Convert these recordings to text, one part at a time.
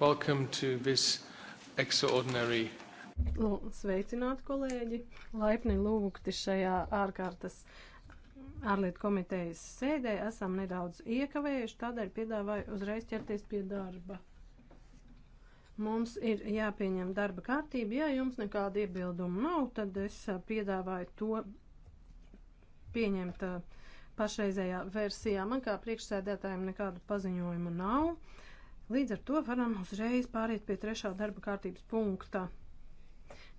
Welcome to this extraordinary. Sveicināti, kolēģi! Laipni lūgti šajā ārkārtas ārlietu komitejas sēdē. Esam nedaudz iekavējuši, tādēļ piedāvāju uzreiz ķerties pie darba. Mums ir jāpieņem darba kārtība. Ja jums nekāda iebilduma nav, tad es piedāvāju to pieņemt uh, pašreizējā versijā. Man kā priekšsēdētājiem nekādu paziņojumu nav. Līdz ar to varam uzreiz pāriet pie trešā darba kārtības punkta.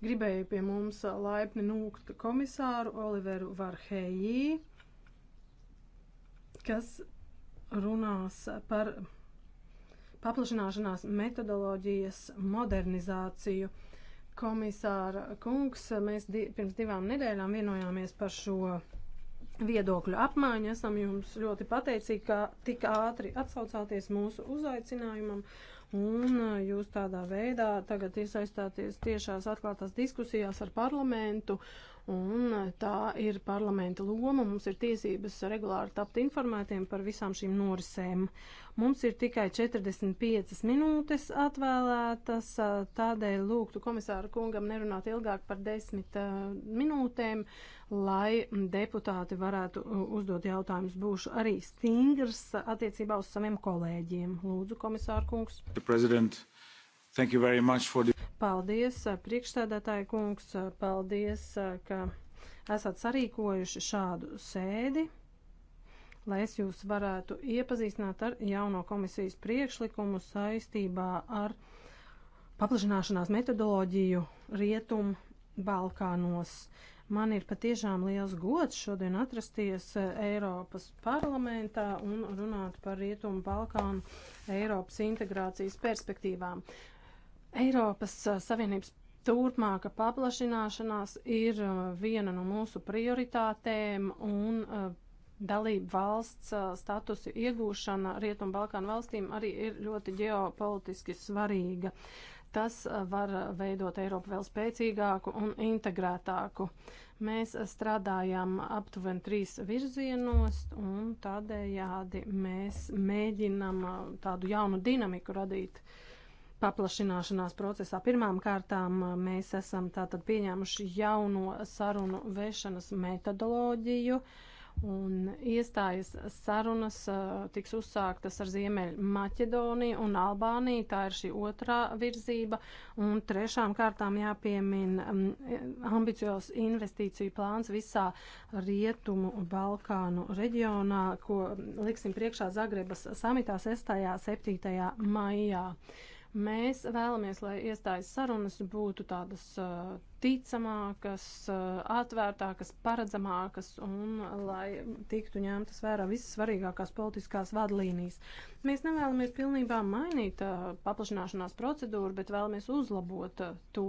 Gribēju pie mums laipni nūkt komisāru Oliveru Varhējī, kas runās par paplašināšanās metodoloģijas modernizāciju. Komisāra kungs, mēs di pirms divām nedēļām vienojāmies par šo viedokļu apmaiņu. Esam jums ļoti pateicīgi, ka tik ātri atsaucāties mūsu uzaicinājumam. Un jūs tādā veidā tagad iesaistāties tiešās atklātās diskusijās ar parlamentu Un tā ir parlamenta loma. Mums ir tiesības regulāri tapt informētiem par visām šīm norisēm. Mums ir tikai 45 minūtes atvēlētas, tādēļ lūgtu komisāru kungam nerunāt ilgāk par 10 minūtēm, lai deputāti varētu uzdot jautājumus. Būšu arī stingrs attiecībā uz saviem kolēģiem. Lūdzu, komisāru kungs. The president. Thank you very much for the... Paldies, uh, priekšstādātāja kungs, uh, paldies, uh, ka esat sarīkojuši šādu sēdi, lai es jūs varētu iepazīstināt ar jauno komisijas priekšlikumu saistībā ar paplašināšanās metodoloģiju Rietum Balkānos. Man ir patiešām liels gods šodien atrasties Eiropas parlamentā un runāt par Rietumu Balkānu Eiropas integrācijas perspektīvām. Eiropas Savienības Turpmāka paplašināšanās ir viena no mūsu prioritātēm un dalību valsts statusu iegūšana Rietumbalkānu valstīm arī ir ļoti ģeopolitiski svarīga. Tas var veidot Eiropu vēl spēcīgāku un integrētāku. Mēs strādājam aptuveni trīs virzienos un tādējādi mēs mēģinam tādu jaunu dinamiku radīt. Uh, paplašināšanās procesā. Pirmām kārtām uh, mēs esam tātad pieņēmuši jauno sarunu vešanas metodoloģiju. Un iestājas sarunas uh, tiks uzsāktas ar Ziemeļu Maķedoniju un Albāniju, tā ir šī otrā virzība, un trešām kārtām jāpiemin um, ambiciozs investīciju plāns visā Rietumu Balkānu reģionā, ko liksim priekšā Zagrebas samitā 6. 7. maijā. Uh, Mēs vēlamies, lai iestājas sarunas būtu tādas uh, ticamākas, uh, atvērtākas, paredzamākas un lai tiktu ņemtas vērā visas svarīgākās politiskās vadlīnijas. Mēs nevēlamies pilnībā mainīt uh, paplašināšanās procedūru, bet vēlamies uzlabot to.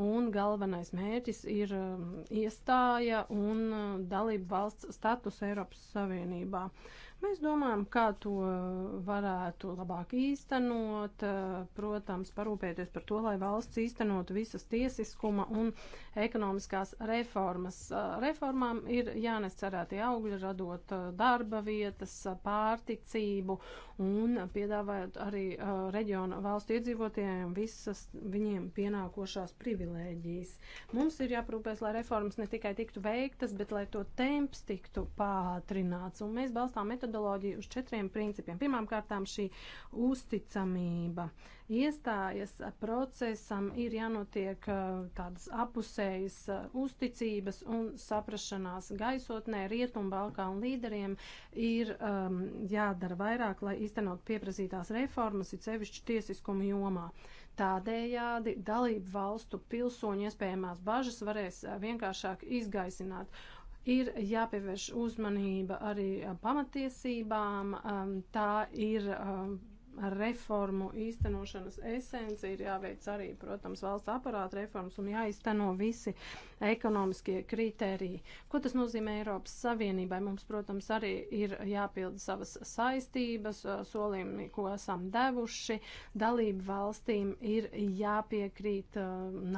Un galvenais mērķis ir um, iestāja un dalība valsts status Eiropas Savienībā. Uh, Mēs domājam, kā to varētu labāk īstenot, protams, parūpēties par to, lai valsts īstenotu visas tiesiskuma un ekonomiskās reformas. Reformām ir jānes cerētie augļi, radot darba vietas, pārticību un piedāvājot arī uh, reģiona valstu iedzīvotājiem visas viņiem pienākošās privilēģijas. Mums ir jāprūpēs, lai reformas ne tikai tiktu veiktas, bet lai to temps tiktu pātrināts. Un mēs balstām metodi metodoloģiju uz četriem principiem. Pirmkārt, šī uzticamība. Iestājas procesam ir jānotiek tādas apusējas uzticības un saprašanās gaisotnē. Rietumbalkānu līderiem ir um, jādara vairāk, lai iztenot pieprasītās reformas, it sevišķi tiesiskumu jomā. Tādējādi dalību valstu pilsoņu iespējamās bažas varēs vienkāršāk izgaisināt. Ir jāpievērš uzmanība arī pamatiesībām. Tā ir reformu īstenošanas esence ir jāveic arī, protams, valsts aparāta reformas un jāizteno visi ekonomiskie kritēriji. Ko tas nozīmē Eiropas Savienībai? Mums, protams, arī ir jāpilda savas saistības, solījumi, ko esam devuši. Dalību valstīm ir jāpiekrīt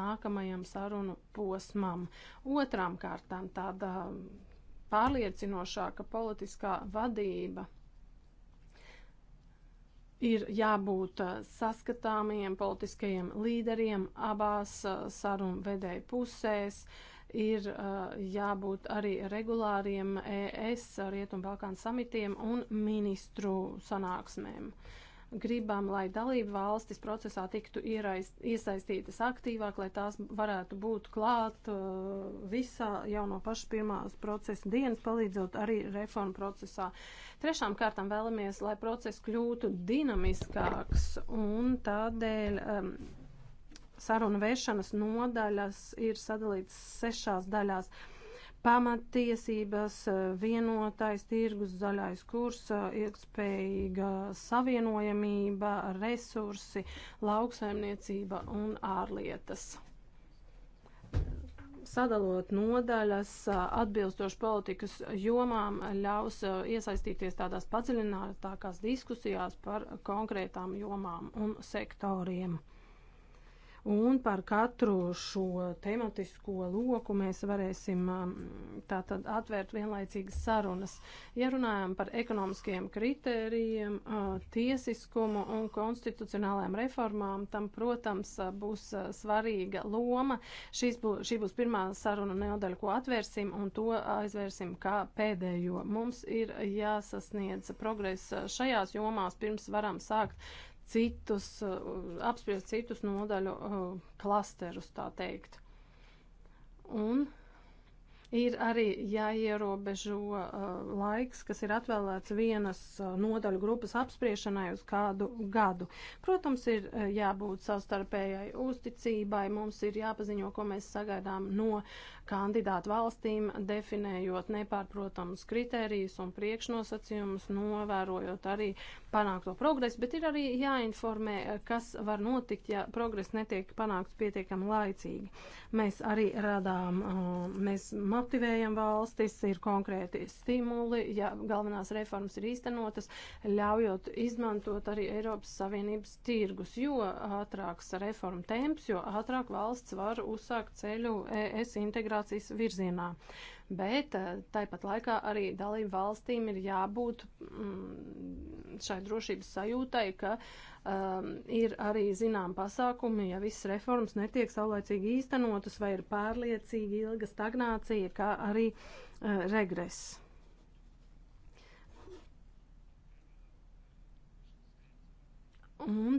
nākamajam sarunu posmam. Otrām kārtām tāda pārliecinošāka politiskā vadība ir jābūt saskatāmiem politiskajiem līderiem abās sarunu vedēju pusēs, ir jābūt arī regulāriem ES Rietumbalkānu samitiem un ministru sanāksmēm. Uh, gribam, lai dalību valstis procesā tiktu ierais, iesaistītas aktīvāk, lai tās varētu būt klāt uh, visā jau no paša pirmās procesa dienas, palīdzot arī reformu procesā. Trešām kārtām vēlamies, lai process kļūtu dinamiskāks un tādēļ. Um, Sarunu vēršanas nodaļas ir sadalītas sešās daļās. Uh, Pamattiesības, vienotais tirgus, zaļais kurs, ilgspējīga savienojamība, resursi, lauksaimniecība un ārlietas sadalot nodaļas atbilstoši politikas jomām ļaus iesaistīties tādās padziļinātākās diskusijās par konkrētām jomām un sektoriem. Un par katru šo tematisko loku mēs varēsim um, tātad atvērt vienlaicīgas sarunas. Ja runājam par ekonomiskiem kritērijiem, uh, tiesiskumu un konstitucionālajām reformām, tam, protams, uh, būs uh, svarīga loma. Šis būs, šī būs pirmā saruna neodaļa, ko atvērsim, un to aizvērsim kā pēdējo. Mums ir jāsasniedz progress šajās jomās, pirms varam sākt citus, eh, apspriest citus nodaļu eh, klasterus, tā teikt. Un ir arī jāierobežo eh, laiks, kas ir atvēlēts vienas nodaļu grupas apspriešanai uz kādu gadu. Protams, ir jābūt savstarpējai uzticībai, mums ir jāpaziņo, ko mēs sagaidām no kandidātu valstīm, definējot nepārprotams kritērijus un priekšnosacījumus, novērojot arī panākto progresu, bet ir arī jāinformē, kas var notikt, ja progress netiek panākts pietiekami laicīgi. Mēs arī radām, um, mēs motivējam valstis, ir konkrēti stimuli, ja galvenās reformas ir īstenotas, ļaujot izmantot arī Eiropas Savienības tirgus, jo ātrāks reforma temps, jo ātrāk valsts var uzsākt ceļu ES integrāciju integrācijas virzienā. Bet eh, tāpat laikā arī dalību valstīm ir jābūt mm, šai drošības sajūtai, ka um, ir arī zinām pasākumi, ja visas reformas netiek saulēcīgi īstenotas vai ir pārliecīgi ilga stagnācija, kā arī uh, regress. Un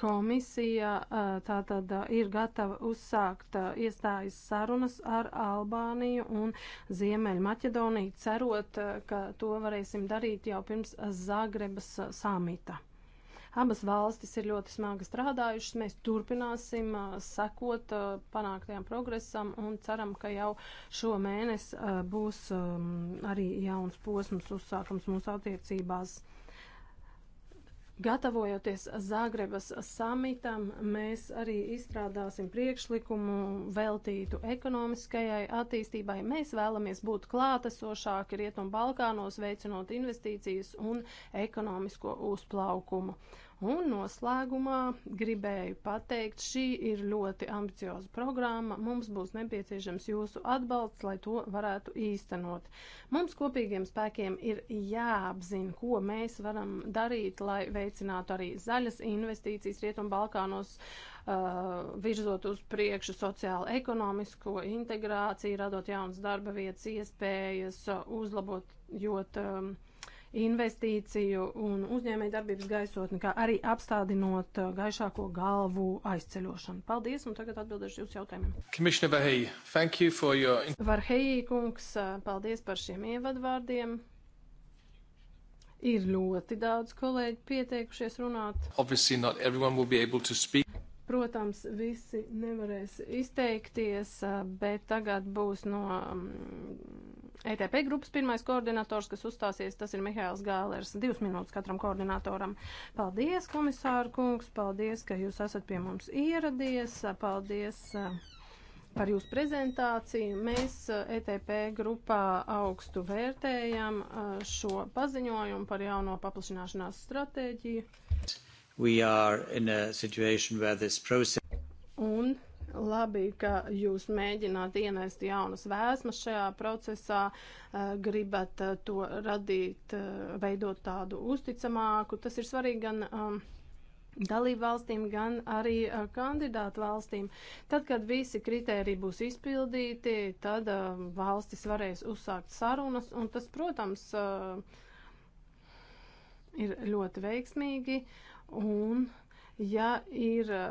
Komisija tātad ir gatava uzsākt iestājas sarunas ar Albāniju un Ziemeļu Maķedoniju, cerot, ka to varēsim darīt jau pirms Zagrebas samita. Abas valstis ir ļoti smagi strādājušas. Mēs turpināsim sekot panāktajām progresam un ceram, ka jau šo mēnesi būs arī jauns posms uzsākums mūsu attiecībās. Gatavojoties Zagrebas samitam, mēs arī izstrādāsim priekšlikumu veltītu ekonomiskajai attīstībai. Mēs vēlamies būt klātesošāki Rietumbalkānos, veicinot investīcijas un ekonomisko uzplaukumu. Un noslēgumā gribēju pateikt, šī ir ļoti ambicioza programma. Mums būs nepieciešams jūsu atbalsts, lai to varētu īstenot. Mums kopīgiem spēkiem ir jāapzina, ko mēs varam darīt, lai veicinātu arī zaļas investīcijas Rietumbalkānos. Uh, virzot uz priekšu sociālo, ekonomisko integrāciju, radot jaunas darba vietas, iespējas, uh, uzlabot jot, um, uh, investīciju un uzņēmēju darbības gaisotni, kā arī apstādinot uh, gaišāko galvu aizceļošanu. Paldies, un tagad atbildēšu jūsu jautājumiem. Bahei, thank you for your... Varheji kungs, uh, paldies par šiem ievadvārdiem. Ir ļoti daudz kolēģi pieteikušies runāt. Obviously not everyone will be able to speak. Protams, visi nevarēs izteikties, uh, bet tagad būs no um, ETP grupas pirmais koordinators, kas uzstāsies, tas ir Mihails Gālers. Divas minūtes katram koordinatoram. Paldies, komisāra kungs, paldies, ka jūs esat pie mums ieradies, paldies eh, par jūsu prezentāciju. Mēs ETP eh, e grupā augstu vērtējam eh, šo paziņojumu par jauno paplašināšanās stratēģiju. We are in a situation where this process... Un Labi, ka jūs mēģināt ienest jaunas vēsmas šajā procesā, eh, gribat eh, to radīt, eh, veidot tādu uzticamāku. Tas ir svarīgi gan um, dalību valstīm, gan arī kandidātu valstīm. Tad, kad visi kriteriji būs izpildīti, tad uh, valstis varēs uzsākt sarunas, un tas, protams, uh, ir ļoti veiksmīgi. Un Ja ir eh,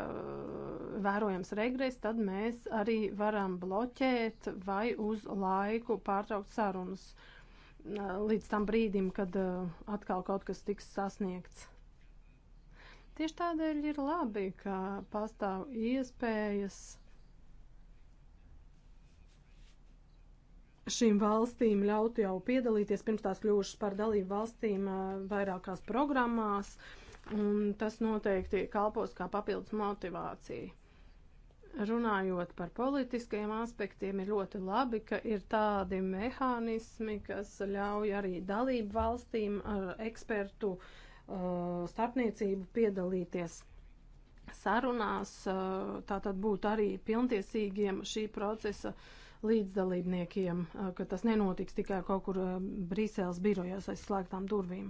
vērojams regres, tad mēs arī varam bloķēt vai uz laiku pārtraukt sarunas eh, līdz tam brīdim, kad eh, atkal kaut kas tiks sasniegts. Tieši tādēļ ir labi, ka pastāv iespējas šīm valstīm ļaut jau piedalīties pirms tās kļūšas par dalību valstīm vairākās programmās. Uh, un tas noteikti kalpos kā papildus motivācija. Runājot par politiskajiem aspektiem, ir ļoti labi, ka ir tādi mehānismi, kas ļauj arī dalību valstīm ar ekspertu uh, starpniecību piedalīties sarunās, uh, tātad būt arī pilntiesīgiem šī procesa līdzdalībniekiem, uh, ka tas nenotiks tikai kaut kur uh, Brīseles birojās aiz slēgtām durvīm.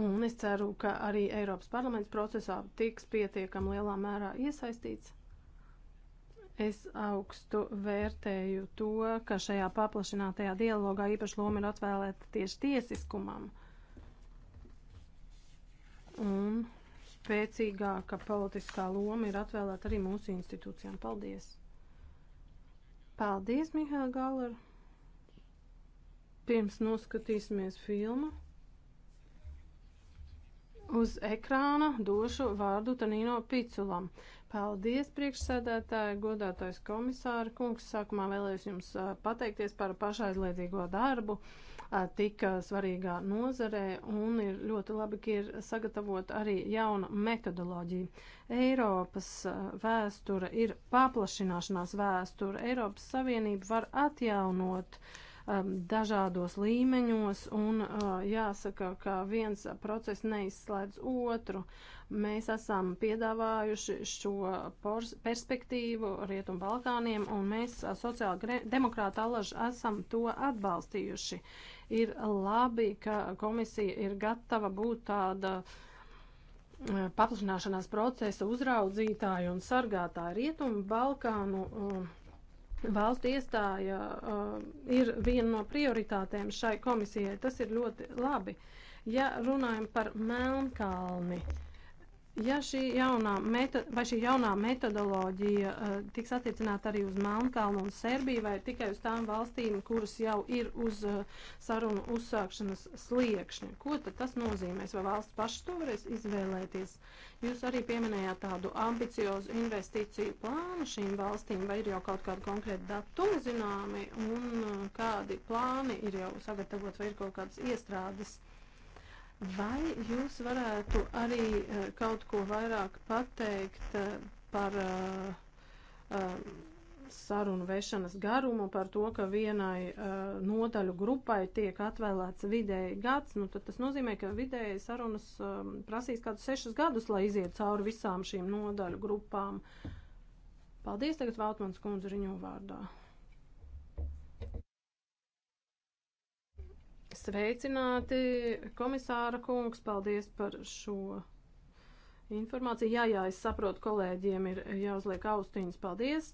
Un es ceru, ka arī Eiropas parlaments procesā tiks pietiekam lielā mērā iesaistīts. Es augstu vērtēju to, ka šajā paplašinātajā dialogā īpaši loma ir atvēlēta tieši tiesiskumam. Un spēcīgāka politiskā loma ir atvēlēta arī mūsu institūcijām. Paldies! Paldies, Mihāla Galer! Pirms noskatīsimies filmu uz ekrāna došu vārdu Tanīno Piculam. Paldies, priekšsēdētāji, godātais komisāra kungs. Sākumā vēlējos jums pateikties par pašaizliedzīgo darbu tik svarīgā nozarē un ir ļoti labi, ka ir sagatavota arī jauna metodoloģija. Eiropas vēsture ir paplašināšanās vēsture. Eiropas Savienība var atjaunot uh, Um, dažādos līmeņos, un uh, jāsaka, ka viens process neizslēdz otru. Mēs esam piedāvājuši šo perspektīvu Rietumu Balkāniem, un mēs uh, sociāli demokrāti alaži esam to atbalstījuši. Ir labi, ka komisija ir gatava būt tāda uh, paplašināšanās procesa uzraudzītāju un sargātāju Rietumu Balkānu. Uh, Valstu iestāja uh, ir viena no prioritātēm šai komisijai. Tas ir ļoti labi. Ja runājam par Melnkalni, uh, Ja šī jaunā, meta, vai šī jaunā metodoloģija uh, tiks attiecināta arī uz Melnkalnu un Serbiju vai tikai uz tām valstīm, kuras jau ir uz uh, sarunu uzsākšanas sliekšņa? Ko tad tas nozīmēs? Vai valsts paši to varēs izvēlēties? Jūs arī pieminējāt tādu ambiciozu investīciju plānu šīm valstīm, vai ir jau kaut kādi konkrēti datumi zināmi un uh, kādi plāni ir jau sagatavot vai ir kaut kādas iestrādes? Uh, Vai jūs varētu arī eh, kaut ko vairāk pateikt eh, par eh, sarunu vešanas garumu, par to, ka vienai nodaļu grupai tiek atvēlēts vidēji gads, nu tad tas nozīmē, ka vidēji sarunas prasīs kādus sešus gadus, lai iziet cauri visām šīm nodaļu grupām. Paldies tagad Valtmans kundze riņu vārdā. Sveicināti, komisāra kungs, paldies par šo informāciju. Jā, jā, es saprotu, kolēģiem ir jāuzliek austiņas. Paldies!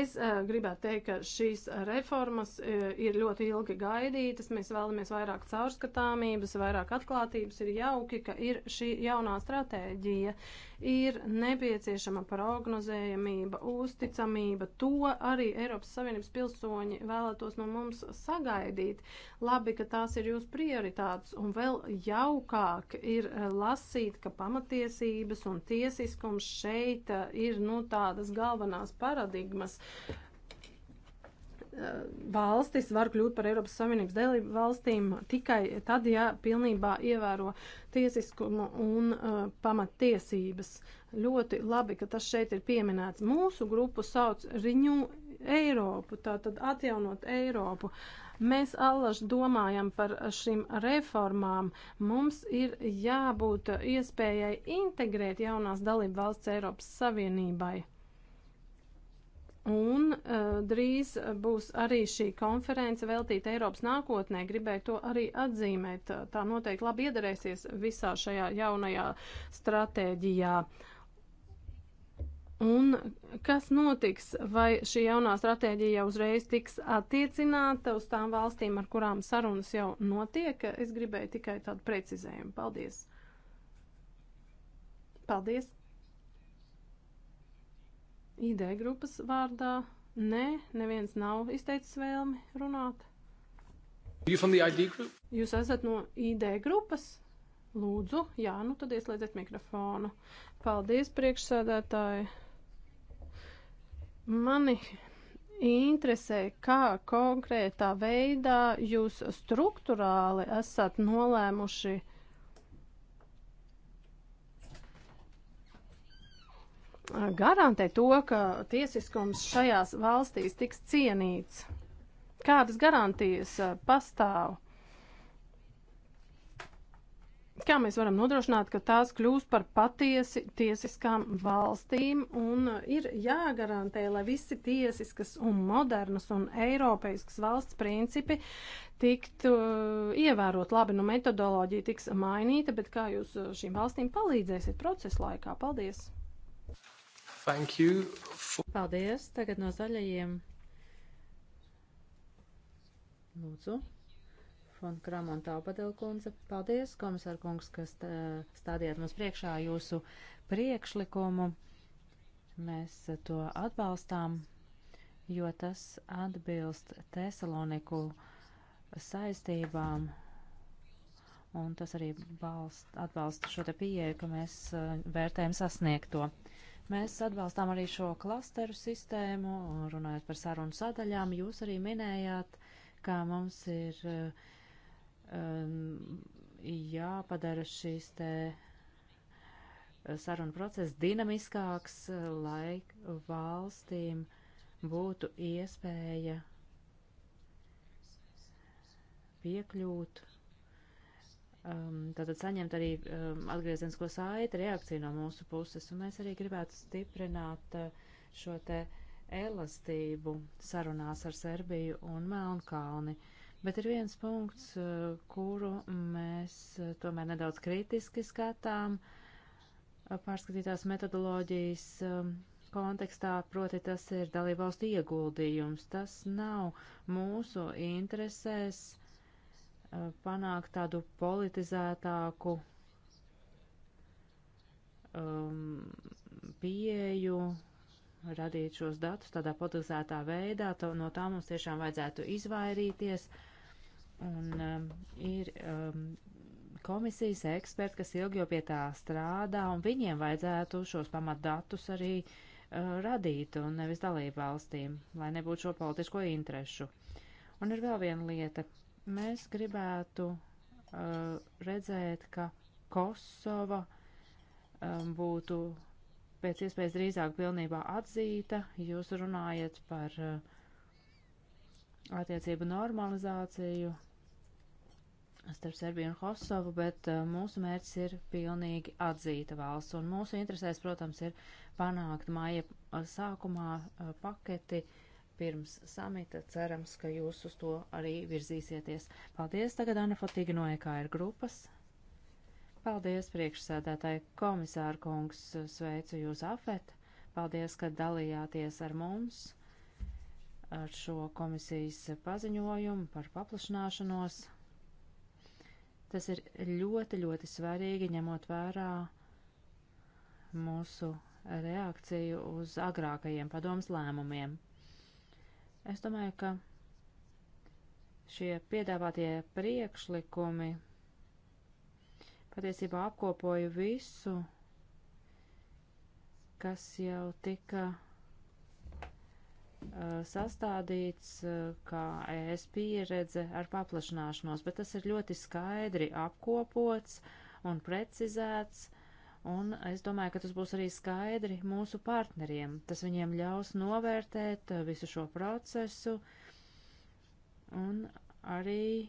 Es uh, gribētu teikt, ka šīs reformas uh, ir ļoti ilgi gaidītas. Mēs vēlamies vairāk caurskatāmības, vairāk atklātības. Ir jauki, ka ir šī jaunā stratēģija. Uh, ir nepieciešama prognozējamība, uzticamība. To arī Eiropas Savienības pilsoņi vēlētos no mums sagaidīt. Labi, ka tās ir jūsu prioritātes, un vēl jaukāk ir eh, lasīt, ka pamatiesības un tiesiskums šeit eh, ir nu, tādas galvenās paradigmas. Uh, valstis var kļūt par Eiropas Savienības dalību valstīm tikai tad, ja pilnībā ievēro tiesiskumu un uh, pamattiesības. Ļoti labi, ka tas šeit ir pieminēts. Mūsu grupu sauc Riņu Eiropu, tātad atjaunot Eiropu. Mēs allaž domājam par šīm reformām. Mums ir jābūt iespējai integrēt jaunās dalību valsts Eiropas Savienībai Un uh, drīz būs arī šī konference veltīta Eiropas nākotnē. Gribēju to arī atzīmēt. Tā noteikti labi iedarēsies visā šajā jaunajā stratēģijā. Un kas notiks? Vai šī jaunā stratēģija jau uzreiz tiks attiecināta uz tām valstīm, ar kurām sarunas jau notiek? Es gribēju tikai tādu precizējumu. Paldies! Paldies! Ideja grupas vārdā nē, neviens nav izteicis vēlmi runāt. Jūs esat no ID grupas? Lūdzu, jā, nu tad ieslēdziet mikrofonu. Paldies, priekšsēdētāji. Mani interesē, kā konkrētā veidā jūs struktūrāli esat nolēmuši garantē to, ka tiesiskums šajās valstīs tiks cienīts? Kādas garantijas uh, pastāv? Kā mēs varam nodrošināt, ka tās kļūs par patiesi tiesiskām valstīm un uh, ir jāgarantē, lai visi tiesiskas un modernas un eiropeiskas valsts principi tiktu uh, ievērot labi, nu metodoloģija tiks mainīta, bet kā jūs šīm valstīm palīdzēsiet procesa laikā? Paldies! Thank you. For... Paldies. Tagad no zaļajiem. Lūdzu. Fon Kram un Tāpadela kundze. Paldies, komisār kungs, kas stādījāt mums priekšā jūsu priekšlikumu. Mēs to atbalstām, jo tas atbilst Tesaloniku saistībām un tas arī balst, atbalsta šo te pieeju, ka mēs uh, vērtējam sasniegto. Mēs atbalstām arī šo klasteru sistēmu, runājot par sarunu sadaļām. Jūs arī minējāt, ka mums ir um, jāpadara šīs te uh, sarunu process dinamiskāks, lai valstīm būtu iespēja piekļūt um, tātad saņemt arī um, atgriezenisko saiti reakciju no mūsu puses, un mēs arī gribētu stiprināt uh, šo te elastību sarunās ar Serbiju un Melnkalni. Bet ir viens punkts, uh, kuru mēs uh, tomēr nedaudz kritiski skatām uh, pārskatītās metodoloģijas um, kontekstā, proti tas ir dalībvalstu ieguldījums. Tas nav mūsu interesēs panākt tādu politizētāku um, pieju, radīt šos datus tādā politizētā veidā, to, no tā mums tiešām vajadzētu izvairīties. Un um, ir um, komisijas eksperti, kas ilgi jau pie tā strādā, un viņiem vajadzētu šos pamatdatus arī uh, radīt, un nevis dalību valstīm, lai nebūtu šo politisko interešu. Un ir vēl viena lieta, Mēs gribētu uh, redzēt, ka Kosova um, būtu pēc iespējas drīzāk pilnībā atzīta. Jūs runājat par uh, attiecību normalizāciju starp Serbiju un Kosovu, bet uh, mūsu mērķis ir pilnīgi atzīta valsts. Un mūsu interesēs, protams, ir panākt māja uh, sākumā uh, paketi uh, pirms samita. Cerams, ka jūs uz to arī virzīsieties. Paldies tagad Anna Fotīga no EKR grupas. Paldies priekšsēdētāji komisāra kungs, sveicu jūs afet. Paldies, ka dalījāties ar mums ar šo komisijas paziņojumu par paplašināšanos. Tas ir ļoti, ļoti svarīgi, ņemot vērā mūsu reakciju uz agrākajiem padomas lēmumiem. Es domāju, ka šie piedāvātie priekšlikumi patiesībā apkopoju visu, kas jau tika uh, sastādīts uh, kā ES pieredze ar paplašanāšanos, bet tas ir ļoti skaidri apkopots un precizēts, uh, Un es domāju, ka tas būs arī skaidri mūsu partneriem. Tas viņiem ļaus novērtēt eh, visu šo procesu un arī eh,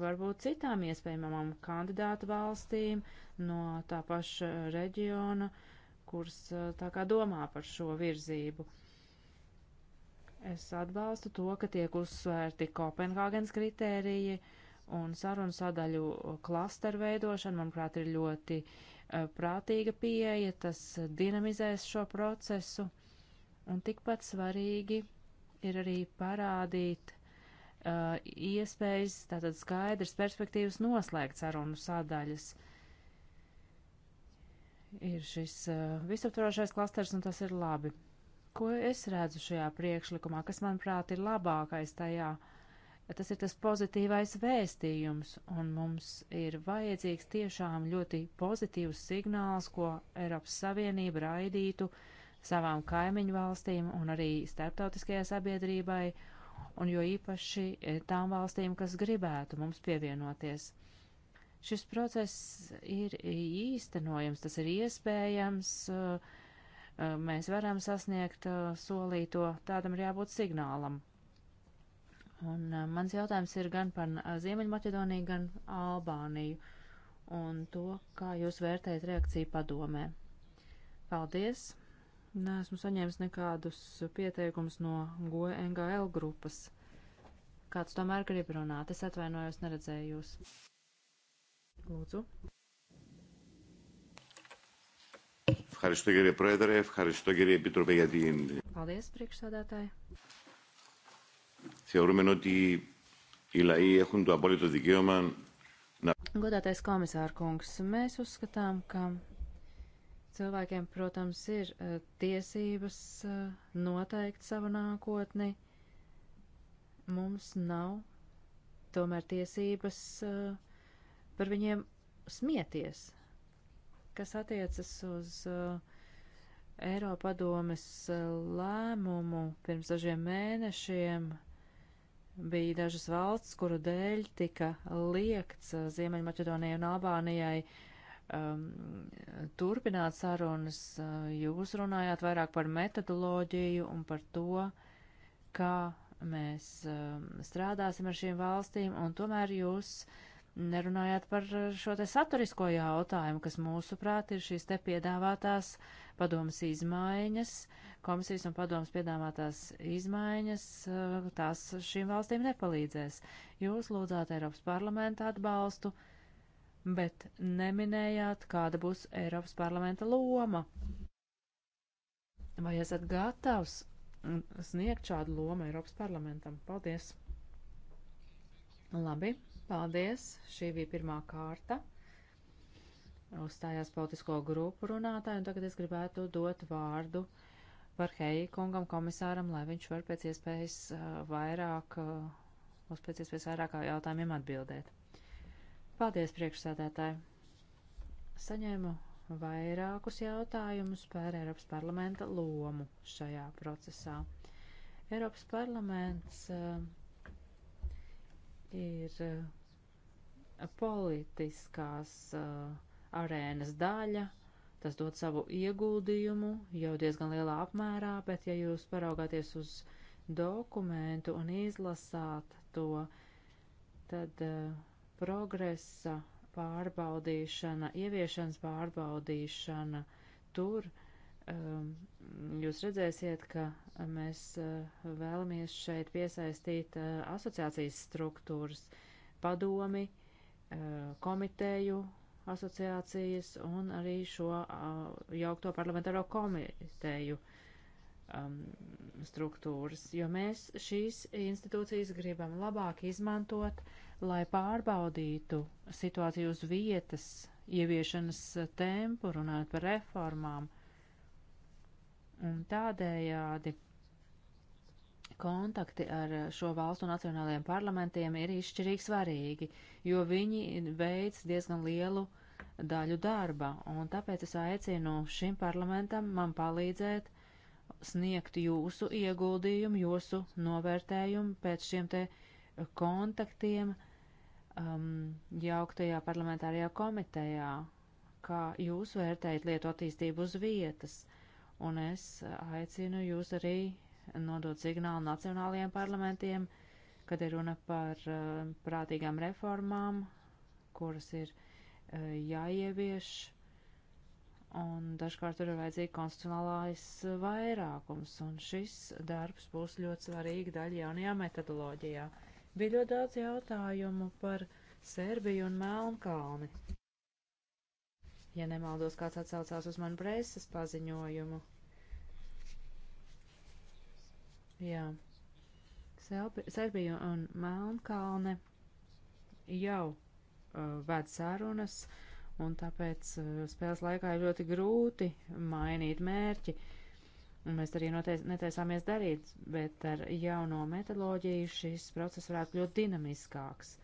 varbūt citām iespējamām kandidātu valstīm no tā paša reģiona, kuras eh, tā kā domā par šo virzību. Es atbalstu to, ka tiek uzsvērti Kopenhāgenes kritēriji, uh, un sarunu sadaļu klasteru uh, veidošana, manuprāt, ir ļoti uh, prātīga pieeja, tas uh, dinamizēs šo procesu, un tikpat svarīgi ir arī parādīt uh, iespējas, tātad skaidrs perspektīvas noslēgt sarunu sadaļas. Ir šis uh, visaptvarošais klasters, un tas ir labi. Ko es redzu šajā priekšlikumā, kas, manuprāt, ir labākais tajā? Uh, tas ir tas pozitīvais vēstījums, un mums ir vajadzīgs tiešām ļoti pozitīvs signāls, ko Eiropas Savienība raidītu savām kaimiņu valstīm un arī starptautiskajai sabiedrībai, un jo īpaši e, tām valstīm, kas gribētu mums pievienoties. Šis process ir īstenojams, tas ir iespējams, e, e, mēs varam sasniegt solīto, tādam ir jābūt signālam. Un uh, mans jautājums ir gan par uh, Ziemeļmaķedoniju, gan Albāniju un to, kā jūs vērtējat reakciju padomē. Paldies! Nesmu saņēmis nekādus pieteikumus no GNGL e grupas. Kāds tomēr grib runāt? Es atvainojos, neredzēju jūs. Lūdzu. Ευχαριστώ κύριε Πρόεδρε, ευχαριστώ κύριε Επίτροπε για την... Paldies, priekšsādātāji. Θεωρούμε ότι οι λαοί έχουν το απόλυτο δικαίωμα να. Godātais komisāra kungs, mēs uzskatām, ka cilvēkiem, protams, ir eh, tiesības eh, noteikt savu nākotni. Mums nav tomēr tiesības eh, par viņiem smieties, kas attiecas uz Eiropadomes lēmumu pirms dažiem mēnešiem bija dažas valsts, kuru dēļ tika liekts uh, Ziemeļmaķedonijai un Albānijai um, turpināt sarunas. Uh, jūs runājāt vairāk par metodoloģiju un par to, kā mēs um, strādāsim ar šīm valstīm, un tomēr jūs nerunājāt par uh, šo te saturisko jautājumu, kas mūsuprāt ir šīs te piedāvātās padomas izmaiņas. Uh, komisijas un padomas piedāvātās izmaiņas, eh, tās šīm valstīm nepalīdzēs. Jūs lūdzāt Eiropas parlamenta atbalstu, bet neminējāt, kāda būs Eiropas parlamenta loma. Vai esat gatavs sniegt šādu lomu Eiropas parlamentam? Paldies! Labi, paldies! Šī bija pirmā kārta uzstājās politisko grupu runātāji, un tagad es gribētu dot vārdu par Heikungam komisāram, lai viņš var pēc iespējas uh, vairāk, uh, uz pēc iespējas vairāk jautājumiem atbildēt. Paldies, priekšsādātāji! Saņēmu vairākus jautājumus par Eiropas parlamenta lomu šajā procesā. Eiropas parlaments uh, ir uh, politiskās uh, arēnas daļa, Tas dod savu ieguldījumu jau diezgan lielā apmērā, bet ja jūs paraugāties uz dokumentu un izlasāt to, tad uh, progresa pārbaudīšana, ieviešanas pārbaudīšana tur um, jūs redzēsiet, ka mēs uh, vēlamies šeit piesaistīt uh, asociācijas struktūras padomi, komiteju asociācijas un arī šo uh, jaukto parlamentāro komiteju um, struktūras, jo mēs šīs institūcijas gribam labāk izmantot, lai pārbaudītu situāciju uz vietas, ieviešanas tempu, runājot par reformām. Un tādējādi kontakti ar šo valstu nacionālajiem parlamentiem ir izšķirīgi svarīgi, jo viņi veids diezgan lielu daļu darba, un tāpēc es aicinu šim parlamentam man palīdzēt sniegt jūsu ieguldījumu, jūsu novērtējumu pēc šiem te kontaktiem um, jauktajā parlamentārajā komitejā, kā jūs vērtējat lietu attīstību uz vietas, un es aicinu jūs arī nodot signālu nacionālajiem parlamentiem, kad ir runa par uh, prātīgām reformām, kuras ir uh, jāievieš, un dažkārt tur ir vajadzīga konstitucionālais vairākums, un šis darbs būs ļoti svarīga daļa jaunajā metodoloģijā. Bija ļoti daudz jautājumu par Serbiju un Melnkalni. Ja nemaldos, kāds atsaucās uz manu preses paziņojumu. Jā. Serbija un Melnkalne jau Uh, ved sārunas, un tāpēc uh, spēles laikā ir ļoti grūti mainīt mērķi. Un mēs arī notais, netaisāmies darīt, bet ar jauno metodoloģiju šis process varētu kļūt dinamiskāks.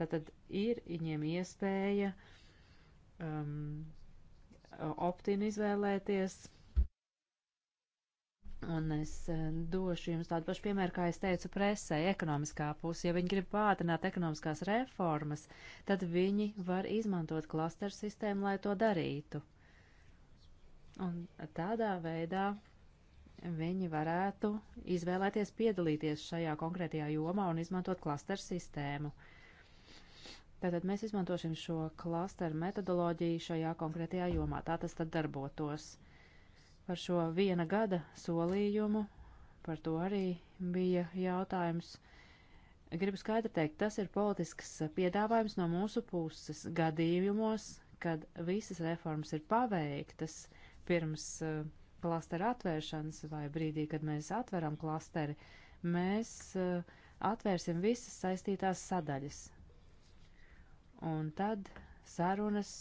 Tātad ir viņiem iespēja um, optīni izvēlēties Un es eh, došu jums tādu pašu piemēru, kā es teicu presē, ekonomiskā puse. Ja viņi grib pātrināt ekonomiskās reformas, tad viņi var izmantot klasteru sistēmu, lai to darītu. Un tādā veidā viņi varētu izvēlēties piedalīties šajā konkrētajā jomā un izmantot klasteru sistēmu. Tātad mēs izmantosim šo klasteru metodoloģiju šajā konkrētajā jomā. Tā tas tad darbotos. Uh, par šo viena gada solījumu, par to arī bija jautājums. Gribu skaidri teikt, tas ir politisks piedāvājums no mūsu puses gadījumos, kad visas reformas ir paveiktas pirms uh, klastera atvēršanas vai brīdī, kad mēs atveram klasteri, mēs uh, atvērsim visas saistītās sadaļas. Un tad sarunas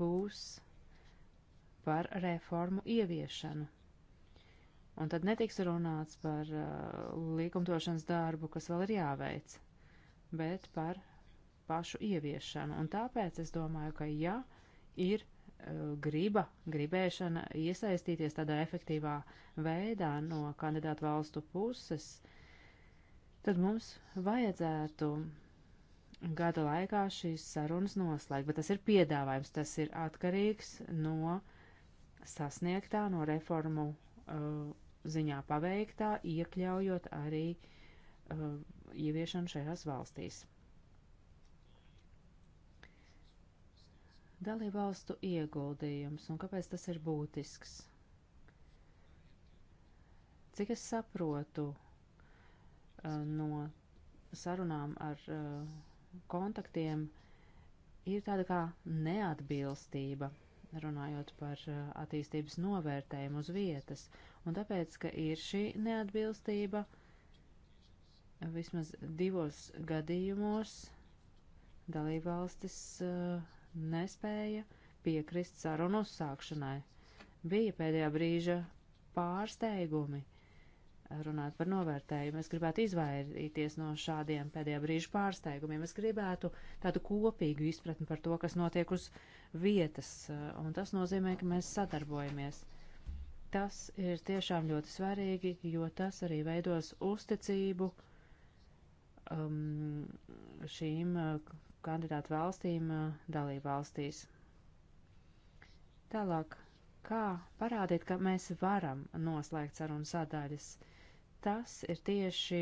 būs par reformu ieviešanu. Un tad netiks runāts par uh, likumdošanas darbu, kas vēl ir jāveic, bet par pašu ieviešanu. Un tāpēc es domāju, ka ja ir uh, griba, gribēšana iesaistīties tādā efektīvā veidā no kandidātu valstu puses, tad mums vajadzētu gada laikā šīs sarunas noslēgt. Bet tas ir piedāvājums, tas ir atkarīgs no uh, sasniegtā, no reformu uh, ziņā paveiktā, iekļaujot arī uh, ieviešanu šajās valstīs. Dalībvalstu ieguldījums un kāpēc tas ir būtisks? Cik es saprotu uh, no sarunām ar uh, kontaktiem, ir tāda kā neatbilstība runājot par eh, attīstības novērtējumu uz vietas, un tāpēc, ka ir šī neatbilstība, vismaz divos gadījumos dalībvalstis uh, nespēja piekrist sarunu uzsākšanai. Bija pēdējā brīža pārsteigumi, runāt par novērtējumu. Es gribētu izvairīties no šādiem pēdējā brīža pārsteigumiem. Es gribētu tādu kopīgu izpratni par to, kas notiek uz vietas, eh, un tas nozīmē, ka mēs sadarbojamies. Tas ir tiešām ļoti svarīgi, jo tas arī veidos uzticību um, šīm eh, kandidātu valstīm eh, dalību valstīs. Tālāk, kā parādīt, ka mēs varam noslēgt sarunu sadaļas? Uh, Tas ir tieši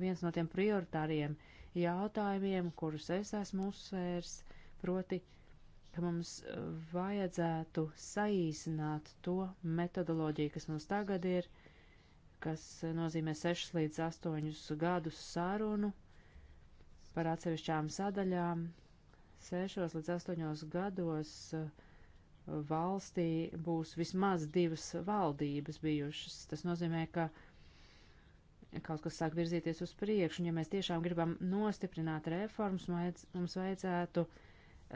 viens no tiem prioritāriem jautājumiem, kurus es esmu uzsvērs, proti, ka mums vajadzētu saīsināt to metodoloģiju, kas mums tagad ir, kas nozīmē 6 līdz 8 gadus sarunu par atsevišķām sadaļām. 6 līdz 8 gados uh, valstī būs vismaz divas valdības bijušas. Tas nozīmē, ka kaut kas sāk virzīties uz priekšu, un ja mēs tiešām gribam nostiprināt reformas, mums vajadzētu uh,